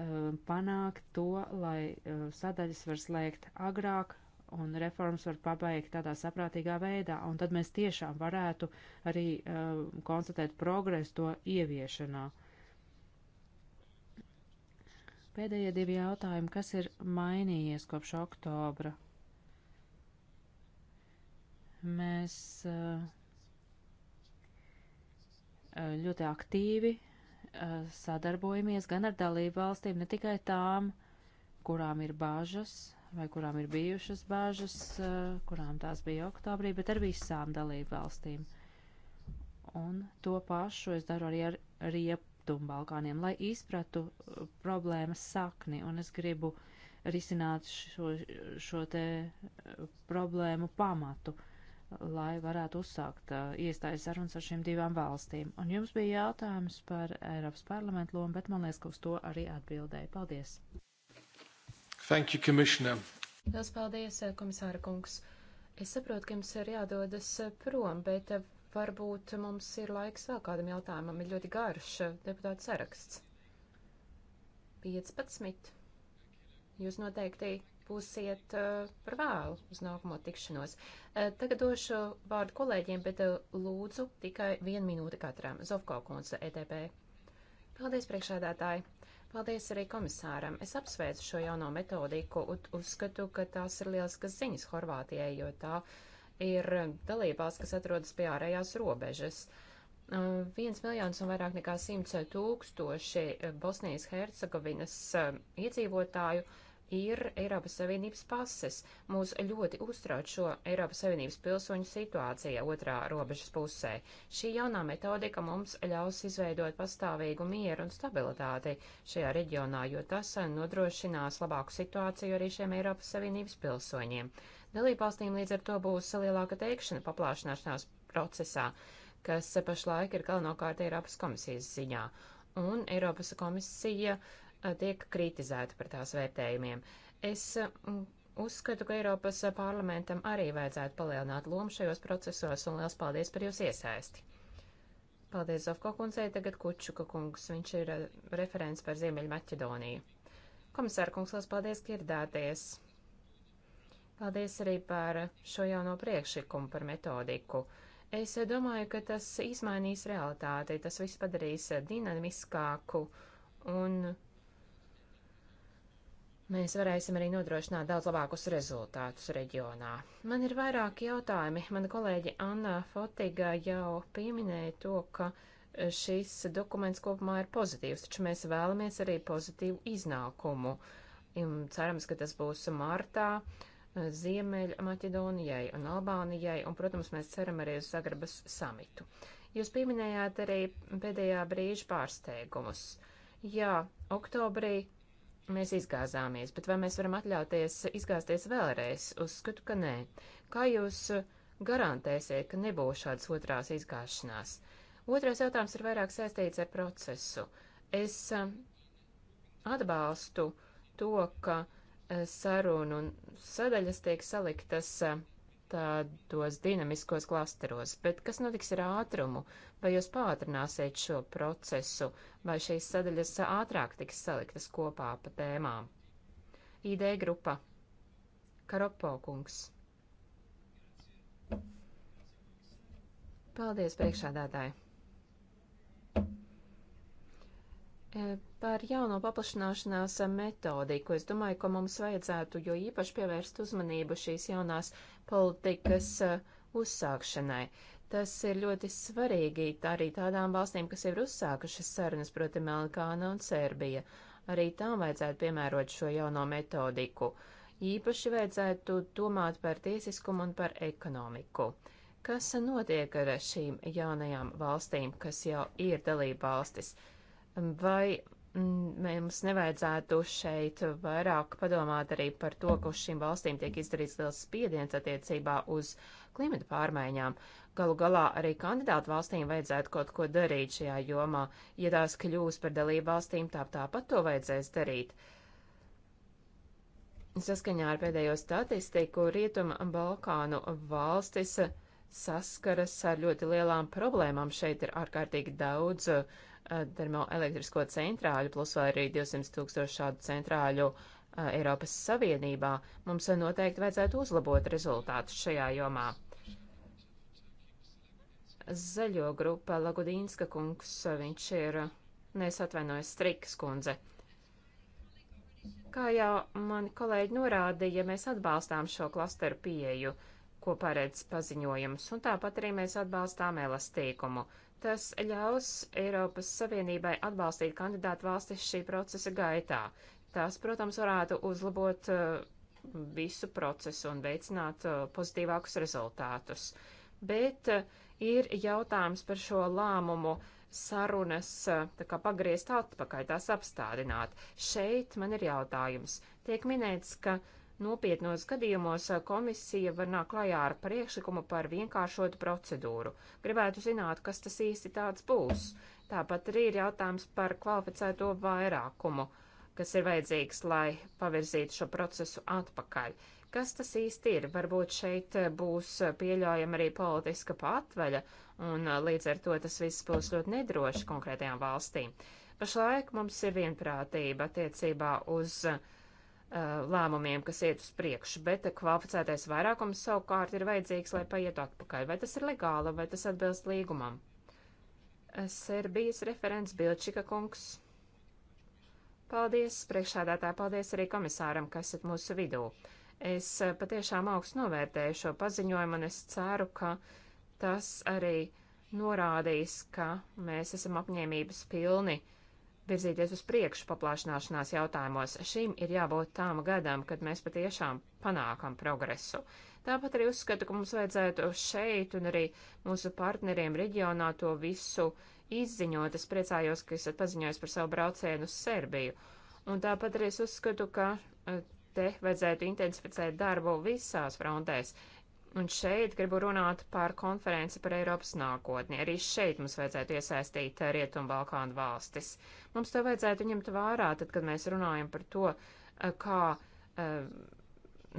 panākt to, lai uh, sadaļas var slēgt agrāk un reformas var pabeigt tādā saprātīgā veidā, un tad mēs tiešām varētu arī uh, konstatēt progresu to ieviešanā. Pēdējie divi jautājumi, kas ir mainījies kopš oktobra? Mēs uh, Eh, ļoti aktīvi eh, sadarbojamies gan ar dalību valstīm, ne tikai tām, kurām ir bāžas vai kurām ir bijušas bāžas, eh, kurām tās bija oktobrī, bet ar visām dalību valstīm. Un to pašu es daru arī ar Rietumbalkāniem, lai izpratu problēmas sakni, un es gribu risināt šo, šo te problēmu pamatu. Uh, lai varētu uzsākt uh, iestājas sarunas ar šīm divām valstīm. Un jums bija jautājums par Eiropas parlamentu lomu, bet man liekas, ka uz to arī atbildēja. Paldies! Thank you, Commissioner! Lielas paldies, uh, komisāra kungs! Es saprotu, ka jums ir jādodas uh, prom, bet uh, varbūt mums ir laiks vēl kādam jautājumam. Ir ļoti garš deputāta saraksts. 15. Jūs noteikti būsiet eh, par vēlu uz nākamo tikšanos. Eh, tagad došu vārdu kolēģiem, bet eh, lūdzu tikai vienu minūti katram. Zovko kundze, ETP. Paldies, priekšādātāji! Paldies arī komisāram. Es apsveicu šo jauno metodiku un uzskatu, ka tās ir lieliskas ziņas Horvātijai, jo tā ir dalībās, kas atrodas pie ārējās robežas. Uh, viens miljons un vairāk nekā simts tūkstoši Bosnijas Hercegovinas uh, iedzīvotāju uh, ir Eiropas Savienības pases. Mūs ļoti uztrauc šo Eiropas Savienības pilsoņu situācija otrā robežas pusē. Šī jaunā metodika mums ļaus izveidot pastāvīgu mieru un stabilitāti šajā reģionā, jo tas eh, nodrošinās labāku situāciju arī šiem Eiropas Savienības pilsoņiem. Dalībvalstīm līdz ar to būs lielāka teikšana paplāšanāšanās procesā, kas eh, pašlaik ir galvenokārt Eiropas komisijas ziņā. Un Eiropas komisija uh, tiek kritizēti par tās vērtējumiem. Es uzskatu, ka Eiropas parlamentam arī vajadzētu palielināt lomu šajos procesos, un liels paldies par jūsu iesaisti. Paldies Zofko kundzei, tagad Kučuka kungs, viņš ir referents par Ziemeļu Maķedoniju. Komisāra kungs, liels paldies, ka ieradāties. Paldies arī par šo jauno priekšlikumu par metodiku. Es domāju, ka tas izmainīs realitāti, tas viss padarīs dinamiskāku un mēs varēsim arī nodrošināt daudz labākus rezultātus reģionā. Man ir vairāki jautājumi. Mana kolēģe Anna Fotiga jau pieminēja to, ka šis dokuments kopumā ir pozitīvs, taču mēs vēlamies arī pozitīvu iznākumu. Cerams, ka tas būs martā eh, Ziemeļa Maķedonijai un Albānijai, un, protams, mēs ceram arī uz Zagrebas samitu. Jūs pieminējāt arī pēdējā brīža pārsteigumus. Jā, oktobrī Mēs izgāzāmies, bet vai mēs varam atļauties izgāzties vēlreiz? Uzskatu, ka nē. Kā jūs garantēsiet, ka nebūs šādas otrās izgāšanās? Otrais jautājums ir vairāk saistīts ar procesu. Es um, atbalstu to, ka eh, sarunu sadaļas tiek saliktas um, tādos dinamiskos klasteros, bet kas notiks ar ātrumu? Vai jūs pātrināsiet šo procesu, vai šīs sadaļas ātrāk tiks saliktas kopā pa tēmām? ID grupa Karopo kungs. Paldies, priekšādātāji! E, par jauno paplašināšanās metodi, ko es domāju, ka mums vajadzētu jo īpaši pievērst uzmanību šīs jaunās politikas e, uzsākšanai. Tas ir ļoti svarīgi arī tādām valstīm, kas ir uzsākušas sarunas, proti Melkāna un Sērbija. Arī tām vajadzētu piemērot šo jauno metodiku. Īpaši vajadzētu domāt par tiesiskumu un par ekonomiku. Kas notiek ar šīm jaunajām valstīm, kas jau ir dalība valstis? Vai mm, mums nevajadzētu šeit vairāk padomāt arī par to, ka uz šīm valstīm tiek izdarīts liels spiediens attiecībā uz klimata pārmaiņām. Galu galā arī kandidātu valstīm vajadzētu kaut ko darīt šajā jomā. Ja tās kļūs par dalību valstīm, tā tāpat to vajadzēs darīt. Saskaņā ar pēdējo statistiku Rietuma Balkānu valstis saskaras ar ļoti lielām problēmām. Šeit ir ārkārtīgi daudz uh, Uh, termoelektrisko centrāļu, plus vēl arī 200 tūkstošu šādu centrāļu uh, Eiropas Savienībā, mums noteikti vajadzētu uzlabot rezultātus šajā jomā. Zaļo grupa Lagudīnska kungs, uh, viņš ir, nesatvainojas, Strikas kundze. Kā jau mani kolēģi norādīja, mēs atbalstām šo klasteru pieeju, ko paredz paziņojums, un tāpat arī mēs atbalstām elastīkumu. Tas ļaus Eiropas Savienībai atbalstīt kandidātu valstis šī procesa gaitā. Tas, protams, varētu uzlabot uh, visu procesu un veicināt uh, pozitīvākus rezultātus. Bet uh, ir jautājums par šo lēmumu sarunas kā, pagriezt atpakaļ, tās apstādināt. Šeit man ir jautājums. Tiek minēts, ka uh, Nopietnos gadījumos eh, komisija var nākt klajā ar priekšlikumu par vienkāršotu procedūru. Gribētu zināt, kas tas īsti tāds būs. Tāpat arī ir jautājums par kvalificēto vairākumu, kas ir vajadzīgs, lai pavirzītu šo procesu atpakaļ. Kas tas īsti ir? Varbūt šeit eh, būs pieļaujama arī politiska patvaļa, un eh, līdz ar to tas viss būs ļoti nedroši konkrētajām valstīm. Pašlaik mums ir vienprātība attiecībā uz uh, Eh, lēmumiem, kas iet uz priekšu, bet kvalificētais vairākums savukārt ir vajadzīgs, lai paietu atpakaļ. Vai tas ir legāli, vai tas atbilst līgumam? Serbijas referents Bilčika kungs. Paldies, priekšādātāji, paldies arī komisāram, kas esat mūsu vidū. Es eh, patiešām augstu novērtēju šo paziņojumu un es ceru, ka tas arī norādīs, ka mēs esam apņēmības pilni uh, virzīties uz priekšu paplašināšanās jautājumos. Šim ir jābūt tām gadam, kad mēs patiešām panākam progresu. Tāpat arī uzskatu, ka mums vajadzētu šeit un arī mūsu partneriem reģionā to visu izziņot. Es priecājos, ka esat paziņojis par savu braucienu uz Serbiju. Un tāpat arī es uzskatu, ka eh, te vajadzētu intensificēt darbu visās frontēs Un šeit gribu runāt par konferenci par Eiropas nākotni. Arī šeit mums vajadzētu iesaistīt Rietumbalkānu valstis. Mums to vajadzētu ņemt vērā, tad, kad mēs runājam par to, eh, kā eh,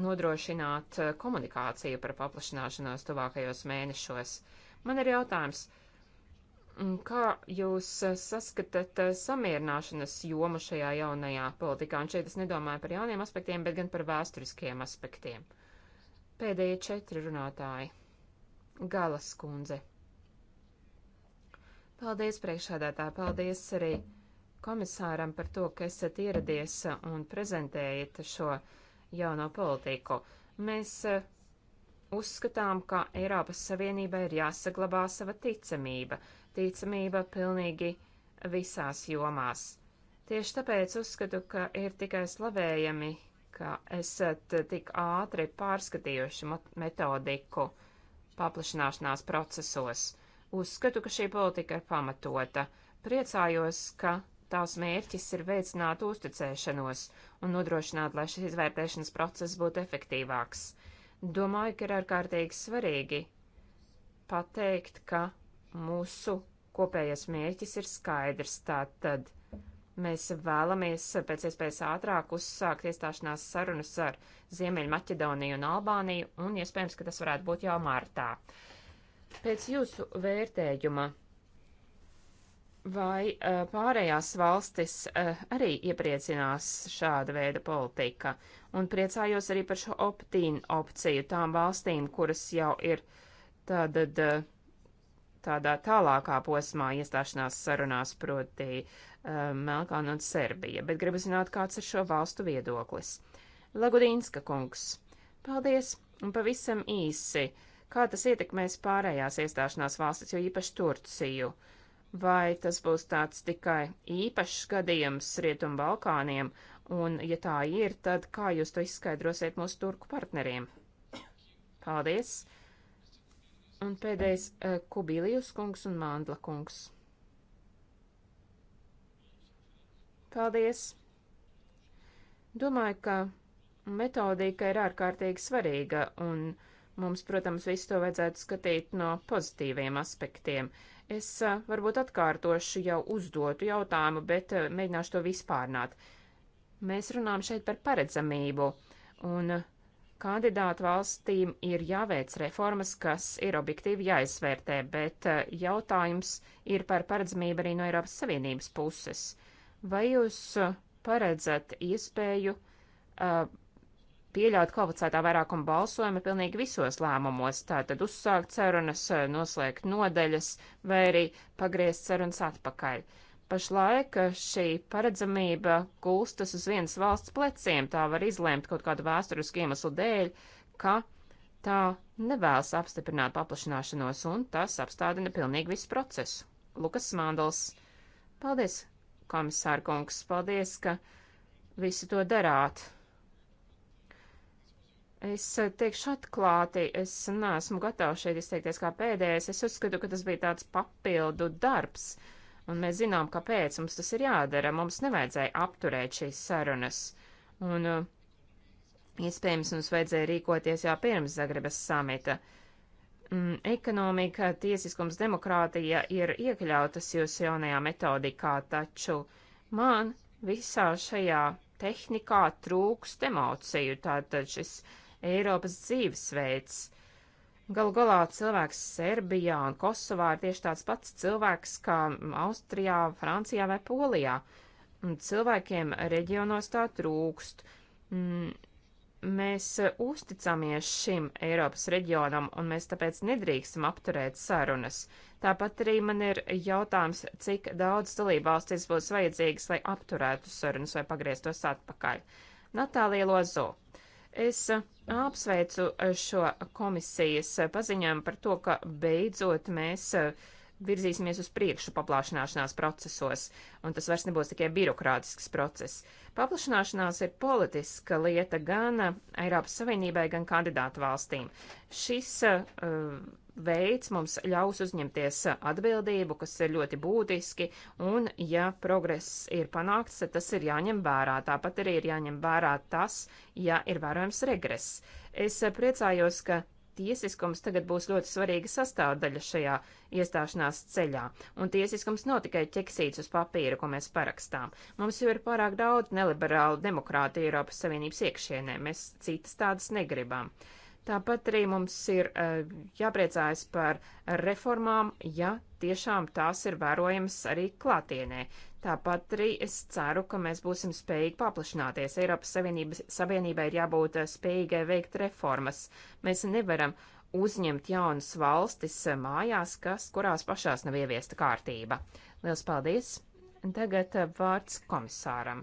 nodrošināt eh, komunikāciju par paplašināšanos tuvākajos mēnešos. Man ir jautājums, mm, kā jūs saskatāt samierināšanas jomu šajā jaunajā politikā? Un šeit es nedomāju par jauniem aspektiem, bet gan par vēsturiskiem aspektiem. Pēdējie četri runātāji. Galas kundze. Paldies priekšādātā, paldies arī komisāram par to, ka esat ieradies un prezentējat šo jauno politiku. Mēs eh, uzskatām, ka Eiropas Savienībai ir jāsaglabā sava ticamība, ticamība pilnīgi visās jomās. Tieši tāpēc uzskatu, ka ir tikai slavējami ka esat tik ātri pārskatījuši metodiku paplašināšanās procesos. Uzskatu, ka šī politika ir pamatota. Priecājos, ka tās mērķis ir veicināt uzticēšanos un nodrošināt, lai šis izvērtēšanas process būtu efektīvāks. Domāju, ka ir ārkārtīgi svarīgi pateikt, ka mūsu kopējais mērķis ir skaidrs. Tātad Mēs vēlamies pēc iespējas ātrāk uzsākt iestāšanās sarunas ar Ziemeļmaķedoniju un Albāniju, un iespējams, ka tas varētu būt jau martā. Pēc jūsu vērtējuma, vai eh, pārējās valstis eh, arī iepriecinās šāda veida politika? Un priecājos arī par šo optīnu opciju tām valstīm, kuras jau ir tāda eh, tādā tālākā posmā iestāšanās sarunās, proti Um, Melkāna un Serbija, bet gribu zināt, kāds ir šo valstu viedoklis. Lagudīnska kungs, paldies un pavisam īsi, kā tas ietekmēs pārējās iestāšanās valstis, jo īpaši Turciju. Vai tas būs tāds tikai īpašs gadījums Rietumu Balkāniem, un, ja tā ir, tad kā jūs to izskaidrosiet mūsu turku partneriem? Paldies! Un pēdējais uh, Kubīlijus kungs un Mandla kungs. Paldies! Domāju, ka metodika ir ārkārtīgi svarīga, un mums, protams, visu to vajadzētu skatīt no pozitīviem aspektiem. Es varbūt atkārtošu jau uzdotu jautājumu, bet mēģināšu to vispārnāt. Mēs runājam šeit par paredzamību, un kandidātu valstīm ir jāveic reformas, kas ir objektīvi jāizvērtē, bet jautājums ir par paredzamību arī no Eiropas Savienības puses. Uh, Vai jūs uh, paredzat iespēju uh, pieļaut kvalificētā vairākuma balsojumu pilnīgi visos lēmumos, tātad uzsākt sarunas, uh, noslēgt nodaļas vai arī pagriezt sarunas atpakaļ? Pašlaik uh, šī paredzamība gulstas uz vienas valsts pleciem, tā var izlēmt kaut kādu vēsturisku iemeslu dēļ, ka tā nevēlas apstiprināt paplašināšanos, un tas apstādina pilnīgi visu procesu. Lukas Smandls. Paldies! komisārkungs. Paldies, ka visu to darāt. Es teikšu atklāti, es neesmu gatavs šeit izteikties kā pēdējais. Es uzskatu, ka tas bija tāds papildu darbs, un mēs zinām, kāpēc mums tas ir jādara. Mums nevajadzēja apturēt šīs sarunas. Un, uh, iespējams, mums vajadzēja rīkoties jau pirms Zagrebas samita. Uh, Mm, ekonomika, tiesiskums, demokrātija ir iekļautas jūsu jaunajā metodikā, taču man visā šajā tehnikā trūkst emociju, tātad šis Eiropas dzīvesveids. Galu galā cilvēks Serbijā un Kosovā ir tieši tāds pats cilvēks kā Austrijā, Francijā vai Polijā. Cilvēkiem reģionos tā trūkst. Mm, mēs uzticamies šim Eiropas reģionam, un mēs tāpēc nedrīkstam apturēt sarunas. Tāpat arī man ir jautājums, cik daudz dalībvalstīs būs vajadzīgas, lai apturētu sarunas vai pagrieztos atpakaļ. Natālija Lozo. Es apsveicu šo komisijas paziņojumu par to, ka beidzot mēs uh, virzīsimies uz priekšu paplašināšanās procesos, un tas vairs nebūs tikai birokrātisks process. Paplašināšanās ir politiska lieta gan Eiropas Savienībai, gan kandidātu valstīm. Šis uh, veids mums ļaus uzņemties atbildību, kas ir ļoti būtiski, un ja progress ir panākts, tad tas ir jāņem vērā. Tāpat arī ir jāņem vērā tas, ja ir vērojams regress. Es priecājos, ka tiesiskums tagad būs ļoti svarīga sastāvdaļa šajā iestāšanās ceļā, un tiesiskums nav tikai ķeksīts uz papīra, ko mēs parakstām. Mums jau ir pārāk daudz neliberālu demokrātiju Eiropas Savienības iekšienē, mēs citas tādas negribam. Tāpat arī mums ir uh, jāpriecājas par reformām, ja tiešām tās ir vērojamas arī klātienē. Tāpat arī es ceru, ka mēs būsim spējīgi paplašināties. Eiropas Savienības, Savienībai ir jābūt eh, spējīgai veikt reformas. Mēs nevaram uzņemt jaunas valstis eh, mājās, kas, kurās pašās nav ieviesta kārtība. Lielas paldies! Tagad eh, vārds komisāram.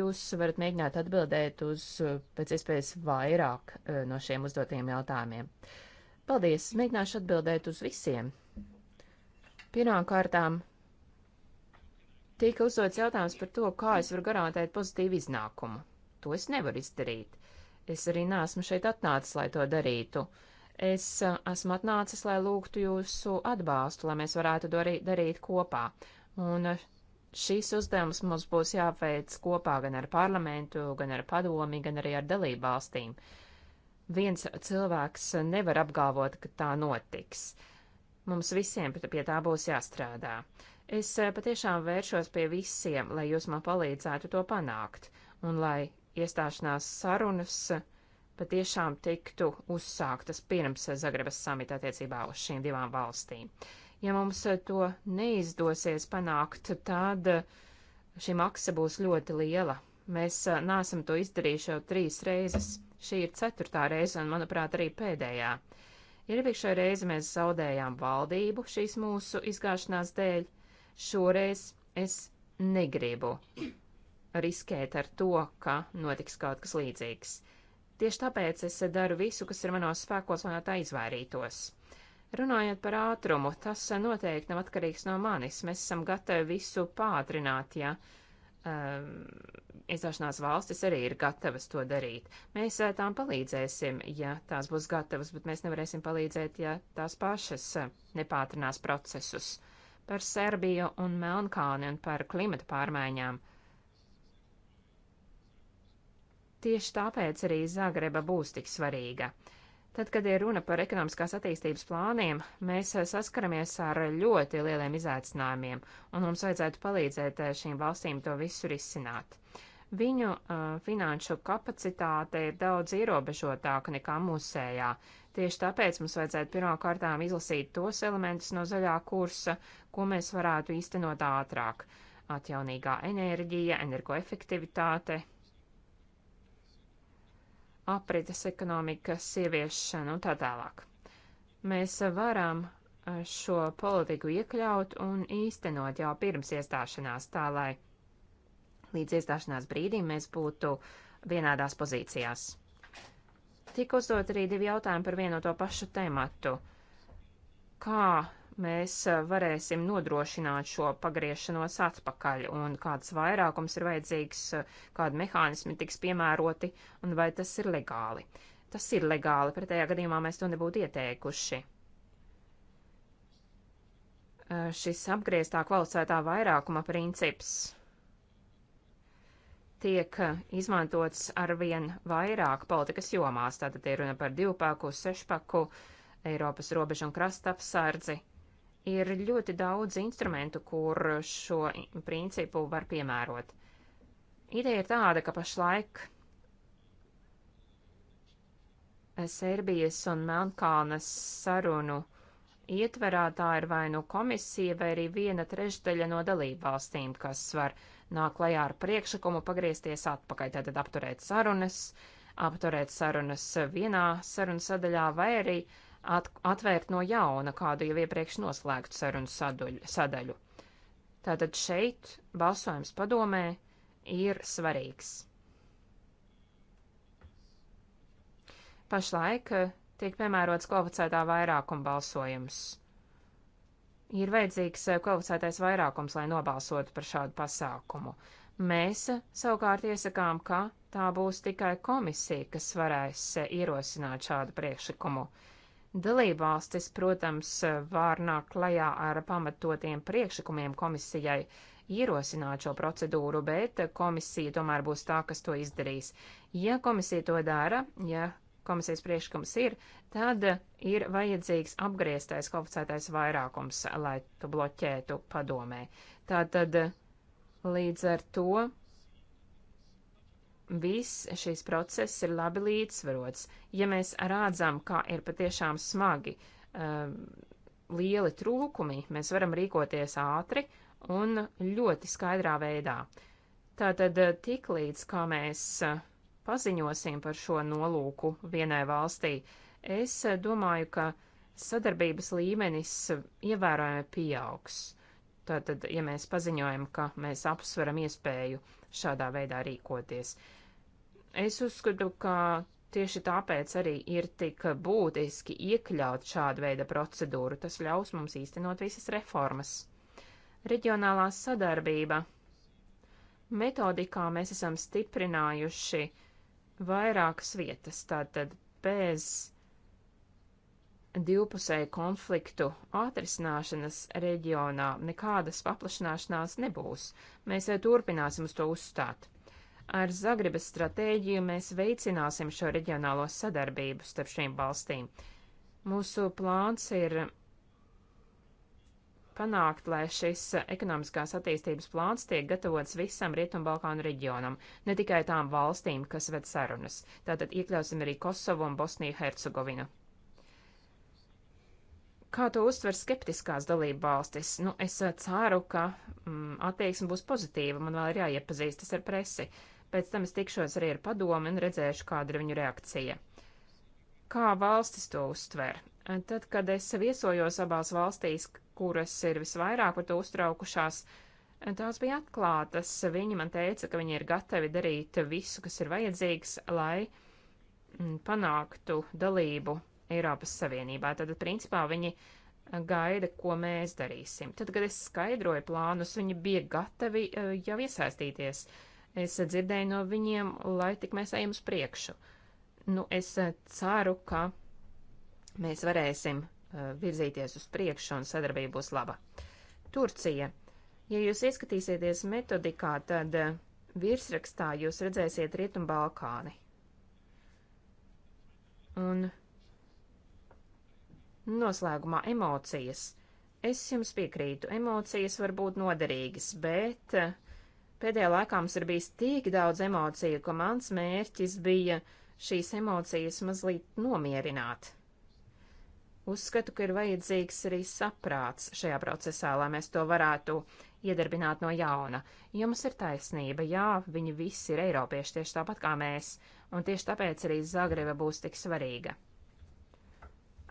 Jūs varat mēģināt atbildēt uz pēc iespējas vairāk no šiem uzdotiem jautājumiem. Paldies! Mēģināšu atbildēt uz visiem. Pirmkārtām, Tika uzdots jautājums par to, kā es varu garantēt pozitīvu iznākumu. To es nevaru izdarīt. Es arī neesmu šeit atnācis, lai to darītu. Es esmu atnācis, lai lūgtu jūsu atbalstu, lai mēs varētu to arī darīt kopā. Un šīs uzdevums mums būs jāveic kopā gan ar parlamentu, gan ar padomi, gan arī ar dalību valstīm. Viens cilvēks nevar apgalvot, ka tā notiks. Mums visiem pie tā būs jāstrādā. Es eh, patiešām vēršos pie visiem, lai jūs man palīdzētu to panākt, un lai iestāšanās sarunas eh, patiešām tiktu uzsāktas pirms eh, Zagrebas samita attiecībā uz šīm divām valstīm. Ja mums to neizdosies panākt, tad šī maksa būs ļoti liela. Mēs neesam to izdarījuši jau trīs reizes. Šī ir ceturtā reize, un, manuprāt, arī pēdējā. Iepriekšējā reize mēs zaudējām valdību šīs mūsu izgāšanās dēļ, Šoreiz es negribu riskēt ar to, ka notiks kaut kas līdzīgs. Tieši tāpēc es daru visu, kas ir manos spēkos, lai no tā izvairītos. Runājot par ātrumu, tas noteikti nav atkarīgs no manis. Mēs esam gatavi visu pātrināt, ja um, iestāšanās valstis arī ir gatavas to darīt. Mēs eh, tām palīdzēsim, ja tās būs gatavas, bet mēs nevarēsim palīdzēt, ja tās pašas eh, nepātrinās procesus par Serbiju un Melnkalni un par klimata pārmaiņām. Tieši tāpēc arī Zagreba būs tik svarīga. Tad, kad ir runa par ekonomiskās attīstības plāniem, mēs saskaramies ar ļoti lieliem izaicinājumiem, un mums vajadzētu palīdzēt eh, šīm valstīm to visu risināt. Viņu uh, finanšu kapacitāte ir daudz ierobežotāka nekā mūsējā. Tieši tāpēc mums vajadzētu pirmkārtām izlasīt tos elementus no zaļā kursa, ko mēs varētu īstenot ātrāk - atjaunīgā enerģija, energoefektivitāte, aprites ekonomika, sieviešana un tā tālāk. Mēs varam šo politiku iekļaut un īstenot jau pirms iestāšanās, tā lai līdz iestāšanās brīdim mēs būtu vienādās pozīcijās tika uzdot arī divi jautājumi par vienu no to pašu tematu. Kā mēs eh, varēsim nodrošināt šo pagriešanos atpakaļ un kāds vairākums ir vajadzīgs, eh, kādi mehānismi tiks piemēroti un vai tas ir legāli. Tas ir legāli, pretējā gadījumā mēs to nebūtu ieteikuši. Eh, šis apgrieztā kvalificētā vairākuma princips tiek eh, izmantots arvien vairāk politikas jomās. Tātad ir runa par divpaku, sešpaku, Eiropas robežu un krasta apsardzi. Ir ļoti daudz instrumentu, kur šo principu var piemērot. Ideja ir tāda, ka pašlaik Serbijas un Melnkalnes sarunu uh, ietverā tā ir vai nu komisija, vai arī viena trešdaļa no dalību valstīm, kas var nāk klajā ar priekšlikumu pagriezties atpakaļ, tātad apturēt sarunas, apturēt sarunas vienā sarunu sadaļā, vai arī at atvērt no jauna kādu jau iepriekš noslēgtu sarunu saduļu, sadaļu. Tātad šeit balsojums padomē ir svarīgs. Pašlaik tiek piemērots kvalificētā vairākuma balsojums. Ir vajadzīgs eh, kvalificētais vairākums, lai nobalsotu par šādu pasākumu. Mēs eh, savukārt iesakām, ka tā būs tikai komisija, kas varēs eh, ierosināt šādu priekšlikumu. Dalībvalstis, protams, var nākt klajā ar pamatotiem priekšlikumiem komisijai ierosināt šo procedūru, bet komisija tomēr būs tā, kas to izdarīs. Ja komisija to dara, ja komisijas priekšlikums ir, tad ir vajadzīgs apgrieztais kvalificētais vairākums, lai tu bloķētu padomē. Tātad līdz ar to viss šīs process ir labi līdzsvarots. Ja mēs rādzam, kā ir patiešām smagi, um, lieli trūkumi, mēs varam rīkoties ātri un ļoti skaidrā veidā. Tātad tik līdz, kā mēs uh, paziņosim par šo nolūku vienai valstī, es eh, domāju, ka sadarbības līmenis ievērojami pieaugs. Tātad, ja mēs paziņojam, ka mēs apsveram iespēju šādā veidā rīkoties. Es uzskatu, ka tieši tāpēc arī ir tik būtiski iekļaut šādu veidu procedūru. Tas ļaus mums īstenot visas reformas. Reģionālā sadarbība. Metodikā mēs esam stiprinājuši uh, vairākas vietas, tātad bez divpusēju konfliktu atrisināšanas reģionā nekādas paplašanāšanās nebūs. Mēs eh, turpināsim uz to uzstāt. Ar Zagrebas stratēģiju mēs veicināsim šo reģionālo sadarbību starp šīm valstīm. Mūsu plāns ir panākt, lai šis ekonomiskās attīstības plāns tiek gatavots visam Rietumbalkānu reģionam, ne tikai tām valstīm, kas ved sarunas. Tātad iekļausim arī Kosovu un Bosniju Hercegovinu. Kā to uztver skeptiskās dalība valstis? Nu, es eh, ceru, ka mm, attieksme būs pozitīva, man vēl ir jāiepazīstas ar presi. Pēc tam es tikšos arī ar padomu un redzēšu, kāda ir viņu reakcija. Kā valstis to uztver? Tad, kad es viesojos abās valstīs, kuras ir visvairāk par to uztraukušās, tās bija atklātas. Viņi man teica, ka viņi ir gatavi darīt visu, kas ir vajadzīgs, lai mm, panāktu dalību Eiropas Savienībā. Tad, principā, viņi gaida, ko mēs darīsim. Tad, kad es skaidroju plānus, viņi bija gatavi eh, jau iesaistīties. Es dzirdēju no viņiem, lai tik mēs ejam uz priekšu. Nu, es eh, ceru, ka mēs varēsim Eh, virzīties uz priekšu un sadarbība būs laba. Turcija. Ja jūs ieskatīsieties metodikā, tad eh, virsrakstā jūs redzēsiet Rietumu Balkāni. Un noslēgumā emocijas. Es jums piekrītu, emocijas var būt noderīgas, bet eh, pēdējā laikā mums ir bijis tik daudz emociju, ka mans mērķis bija šīs emocijas mazliet nomierināt. Uzskatu, ka ir vajadzīgs arī saprāts šajā procesā, lai mēs to varētu iedarbināt no jauna. Jums ir taisnība, jā, viņi visi ir eiropieši tieši tāpat kā mēs, un tieši tāpēc arī Zagreba būs tik svarīga.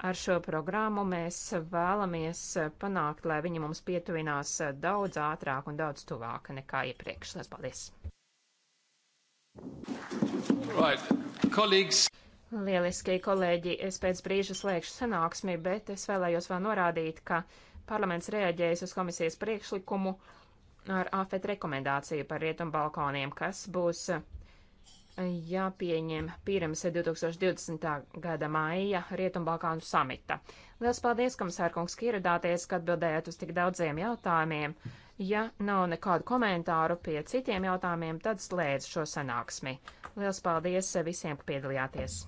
Ar šo programmu mēs vēlamies panākt, lai viņi mums pietuvinās daudz ātrāk un daudz tuvāk nekā iepriekš. Lielas paldies! Right. Colleagues. Lieliskie kolēģi, es pēc brīža slēgšu sanāksmi, bet es vēlējos vēl norādīt, ka parlaments reaģējas uz komisijas priekšlikumu ar AFET rekomendāciju par rietumu balkoniem, kas būs eh, jāpieņem pirms 2020. gada maija Rietumbalkānu samita. Liels paldies, komisārkungs, ka ieradāties, ka atbildējāt uz tik daudziem jautājumiem. Ja nav nekādu komentāru pie citiem jautājumiem, tad slēdz šo sanāksmi. Liels paldies visiem, ka piedalījāties!